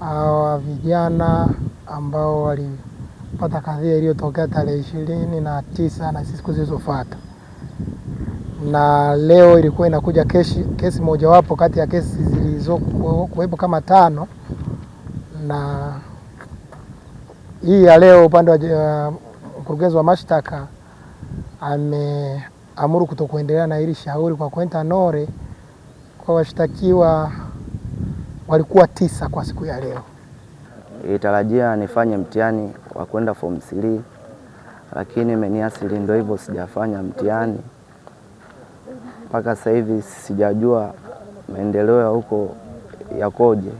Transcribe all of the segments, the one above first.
hawa vijana ambao walipata kadhia iliyotokea tarehe ishirini na tisa na siku zilizofuata, na leo ilikuwa inakuja kesi, kesi mojawapo kati ya kesi zilizokuwepo kama tano, na hii ya leo upande wa uh, mkurugenzi wa mashtaka ameamuru kutokuendelea na hili shauri kwa kwenta nore kwa washtakiwa walikuwa tisa kwa siku ya leo. Ilitarajia nifanye mtihani wa kwenda form 3 lakini imeniasili, ndio hivyo, sijafanya mtihani mpaka sasa hivi. Sijajua maendeleo ya huko yakoje.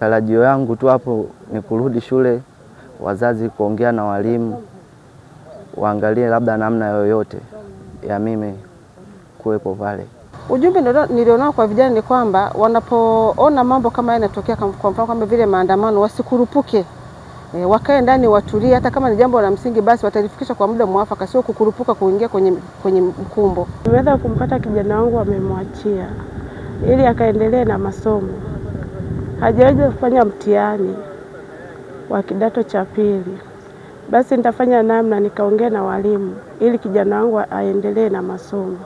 Tarajio yangu tu hapo ni kurudi shule, wazazi kuongea na walimu, waangalie labda namna yoyote ya mimi kuwepo pale. Ujumbe nilionao kwa vijana ni kwamba wanapoona mambo kama yanatokea, kwa mfano kama vile maandamano, wasikurupuke e, wakae ndani watulie. Hata kama ni jambo la msingi, basi watalifikisha kwa muda mwafaka, sio kukurupuka kuingia kwenye, kwenye mkumbo. Nimeweza kumpata kijana wangu, amemwachia ili akaendelee na masomo, hajaweza kufanya mtihani wa kidato cha pili. Basi nitafanya namna nikaongea na walimu ili kijana wangu aendelee na masomo.